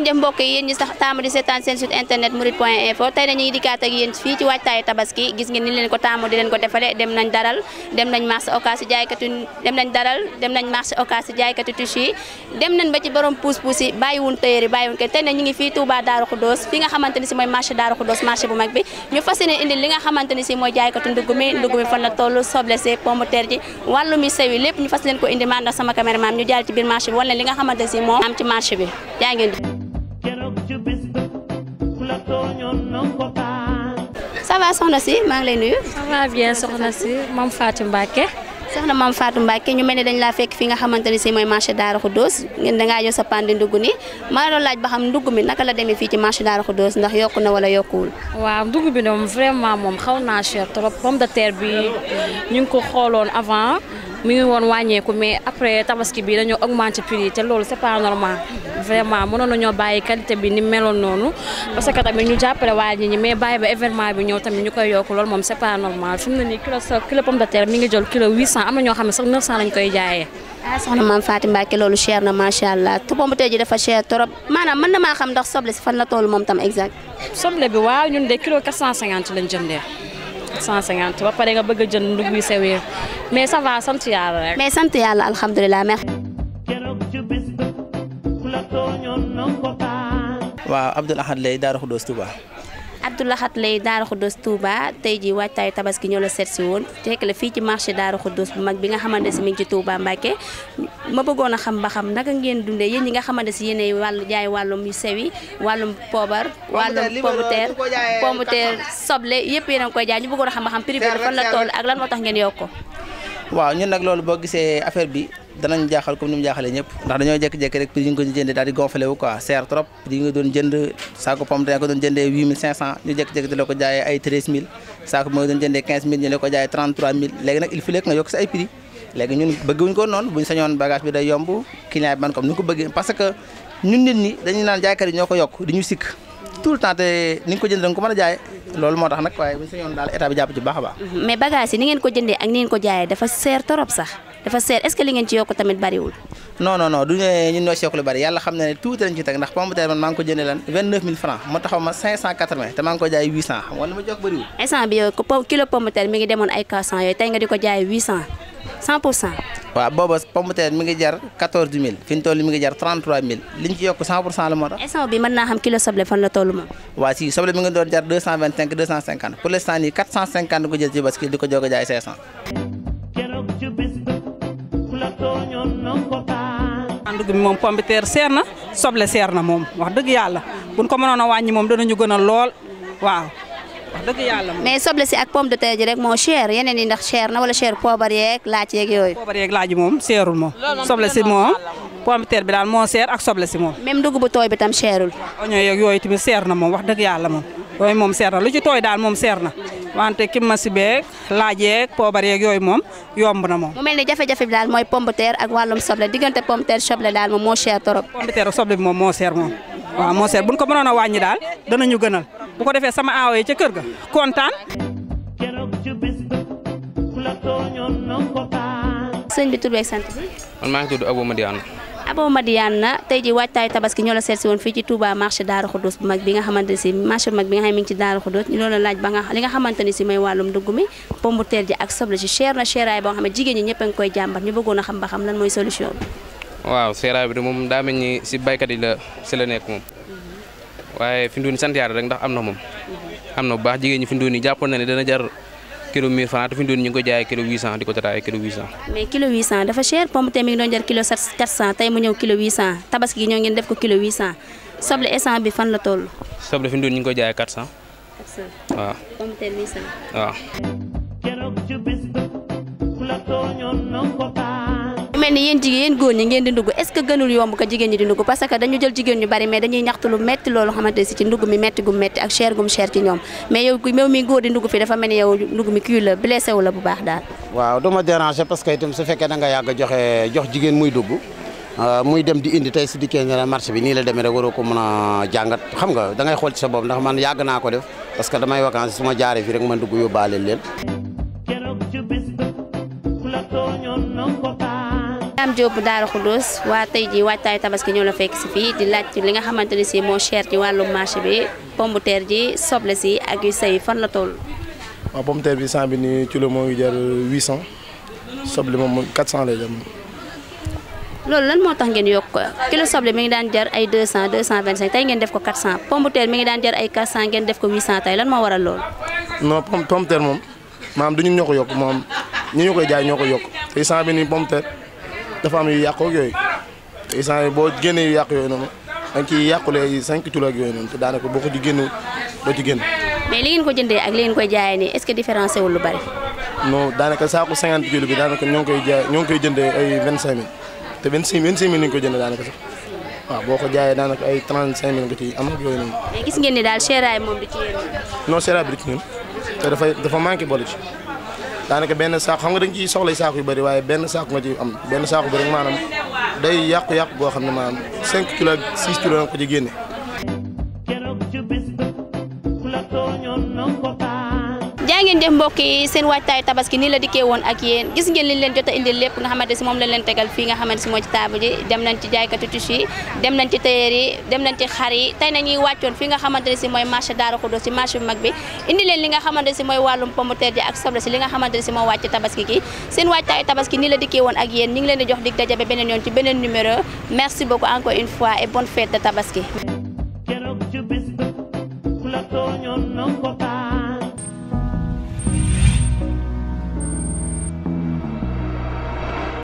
ngeen jëf mbokk yi yéen ñi sax taamu di seetaan seen site internet mourides point info tey dañuy dikkaat ak yéen fii ci waajtaayu tabaski gis ngeen ni leen ko taamu di leen ko defale dem nañ daral dem nañ marché Ocass jaaykatu dem nañ yi dem nañ ba ci borom puus puus yi bàyyiwun téyéri bàyyiwun ke tey na ngi fii Touba Daaru Xudoos fi nga xamante si mooy marché Daaru Xudoos marché bu mag bi ñu fas yéene indi li nga xamante si mooy jaaykatu ndugg mi ça va soxna si maa ngi lay nuyu. ça va bien soxna si maam Fatou Mbacke. soxna maam Fatou Mbacke ñu mel ne dañ laa fekk fi nga xamante ne si mooy marché Daara Khoudoss ngeen dangaa jox sa pan di ndugg ni maa ngi doon laaj ba xam ndugg mi naka la demee fii ci marché Daara doos ndax yokk na wala yokkuwul. waaw ndugg bi moom vraiment moom xaw naa cher trop pomme de terre bi ñu ngi ko xooloon avant. mi ngi woon wàññeeku mais après tabaski bi dañoo augmenté prix yi te loolu c'est pas normal vraiment mënoon nañoo bàyyi qualité bi ni meloon noonu parce que tamit ñu jàppale waa ñi mais bàyyi ba événement bi ñëw tamit ñu koy yokk loolu moom c'est pas normal fi mu ne nii kilo sa kilo pomme de terre mi ngi jël kilo 800 am na ñoo xam ne sax 900 lañ koy jaayee. ah soxna maam Fatou Mbacke loolu cher na macha allah te pomme de terre ji dafa cher trop maanaam mën na maa ndax soble si fan la toll moom tam exact. soble bi waaw ñun de kilo 450 lañ jëndee ba pare nga bëgg a jënd ndugg mais ça mais sant yàlla rek. mais sant yàlla alhamdulilah merci. waaw Abdoul Ahad lay Daara Khoudoss Touba. Abdoul Ahad lay Daara Khoudoss Touba tey jii waajtaayu tabaski ñoo la seet si woon fekk la fii ci marché Daara Khoudoss bu mag bi nga xamante si mi ngi ci Touba Mbacke ma bëggoon a xam ba xam naka ngeen dundee yéen ñi nga xamante si yéenay wàllu jaay wàllum yu sew yi wàllum poobar wàllum pomputeer pomputeer soble yëpp yéen a ngi koy jaay ñu bëggoon xam ba xam prix bi la moo tax ngeen yokk ko. waaw ñun nag loolu boo gisee affaire bi danañ jaaxal comme ni mu jaaxalee ñëpp ndax dañoo jékki-jékki rek prix yi nga ko jëndee daal di gonflé wu quoi cher trop prix yi nga jënd saako pomme dañ ko doon jëndee 8500 ñu jékki-jékki di la ko jaayee ay 13000 saako moo doon jëndee 15000 ñu la ko jaayee 33000 léegi nag il faut nga yokk sa ay prix léegi ñun bëgguñ ko noonu buñ sañoon bagage bi day yomb client bi man comme ko bëggee parce que ñun nit ñi dañu naan jaaykat yi ñoo ko ñu sikk tout le temps te ni nga ko jënd da ko mën a jaayee loolu moo tax nag waaye bu ñu sañoon daal état bi jàpp ci baax baax. mais bagage ni ngeen ko jëndee ak ni ngeen ko jaayee dafa seer torop sax dafa seer est-ce ngeen ci yokk tamit bariwul. non non non du ñu ñun si yokk lu bari yàlla xam na ne tuuti lañ ci teg ndax pomme de maa ngi ko jëndee lan 29000 francs ma taxaw ma 580 te maa ngi ko jaay 800 xam nga pour cent wa bobo pomme terre mi ngi jar 14000 fiñ ñu mi ngi jar 33000 liñ ci yok 100 la mo tax. essence bi man na xam kilo soble fan la tollu mo wa si soble mi ngi doon jar 225 250 pour l'instant ni 450 ko jël ci bascule di ko jóg jaay 500. andu bi mom pomme terre serna soble serna mom wax deug yalla buñ ko mënon a wàññi moom danañu gën lool waaw. wax dëgg mais soble si ak pomme de terre ji rek moo cher yeneen yi ndax cher na wala cher poobar yeeg laaj yeeg yooyu. poobar yeeg laaj moom seerul moom. soble si moom pomme de terre bi daal moo seer ak soble si moom. même dugub tooy bi tam seerul. oignon yeeg yooyu tamit seer na moom wax dëgg yàlla moom yooyu moom seer na lu ci tooy daal moom seer na wante kim ma si laaj yeeg poobar yeeg yooyu moom yomb na moom. mu mel ni jafe-jafe bi daal mooy pomme de terre ak wàllum soble diggante pomme de terre daal moom moo cher trop. moom moo seer moom moo seer ko mënoon a daal danañu gënal bu ko defee sama aawo yi ca kër ga kontaan. sëñ bi tur beeg sant bi. man maa ngi tudd Abou Madiane. Abou Madiane na tey ji waajtaayu tabaski ñoo la seet si woon fii ci Touba marché Darou Khoudoss bu bi nga xamante ne si marché bu mag bi nga xam ngi ci Darou Khoudoss laaj ba nga li nga xamante ne si mooy wàllum dugg mi pombu teer ji ak soble si cher na cheraay boo xam ne jigéen ñi ñëpp a ngi koy jàmbat ñu bëggoon a xam ba xam lan mooy solution bi. waaw seeraay bi de moom daa mel ni si baykat yi la si moom waye fi nduuni sant yàlla rek ndax amna mom amna am na bu baax jigéen ñi fi nduuni jàppoon na ni dana jar kilo 1000 francs te fi nduuni ñu ko jaay kilo 800 diko ko tataay kilo 800 mais kilo 800 dafa cher pomme tey mi ngi jar kilo 400 tay mu ñew kilo 800 tabaski gi ñoo ngi def ko kilo 800 soble essence bi fan la toll soble fi nduuni ñu ko jaay 400 400 waaw pomme tey 800 waaw keroog ci bis ba ku la ko mel ni yéen jigéen yéen góor ñi ngeen di ndugg est-ce que gënul yomb ko jigéen ñi di ndugg parce que dañu jël jigéen ñu bari mais dañuy ñaxtu metti loolu xamante si ci ndugg mi metti ak cher gum cher ci ñoom mais yow yow dugg euh, muy dem di indi tey si di ne la marché bi nii la demee rek waroo ko mën a jàngat xam nga da ngay xool ci sa bopp ndax man yàgg naa ko def parce que damay vacances su ma jaaree fi rek man dugg yóbbaale leen Diop bu Daaru Xudus waa tey ji waajtaayu tabaski ñu la fekk ci fi di laaj li nga xamanteni ci mo cher ci walu marché bi pomme terre ji soble ci ak yu sey fan la toll wa pomme terre bi sa bi ni kilo mo ngi jël 800 soble moom 400 lay dem loolu lan moo tax ngeen yok ko kilo soble mi ngi daan jar ay 200 225 tay ngeen def ko 400 pomme terre mi ngi daan jar ay 400 ngeen def ko 800 tay lan mo waral loolu non pomme terre mom maam duñu ñoko yok mom ñi ñu jaay ñoko yok yokk sa bi ni pomme terre dafa am yu yàqu yooyu te instant boo génnee yu yàqu yooyu noonu da nga ciy yàqulee cinq kilos ak yooyu noonu te daanaka boo ko ci génn doo ci génn. mais li ko jëndee ak li ngeen koy jaayee nii est-ce que différence wul lu bari. non daanaka bi daanaka ñoo ngi koy jaay ñoo ngi koy jëndee ay vingt cinq mille te vingt cinq vingt cinq mille lañ ko jëndee daanaka sax waaw boo ko jaayee daanaka ay trente cinq mille nga ciy am ak yooyu noonu. mais gis ngeen ni daal séeraay moom du ci yéen. non bi du ci ñun te dafay dafa manqué boole ci. daanaka benn saako xam nga dañ ciy soxlay saako yu bëri waaye benn saako nga ci am benn saako bi rek maanaam day yàqu-yàqu boo xam ne maanaam 5 kilos ak 6 kilos nga ko ci génne ngeen def mbokk yi seen waajtaay tabaski nii la dikkee woon ak yéen gis ngeen liñ leen jot a indil lépp nga xamante si moom lañ leen tegal fii nga xamante si moo ci table ji dem nañ ci jaaykatu tissu nga xamante ne si mooy marché Daara Xudoos si marché bu mag bi indi leen li nga xamante si mooy wàllum pommeteer ji ak soble si li nga xamante ne si moo wàcc tabaski gi seen waajtaay tabaski nii la dikkee woon ak yéen ñu ngi leen di jox dig dajabe beneen yoon ci beneen numéro merci beaucoup encore une fois et bonne fête de tabaski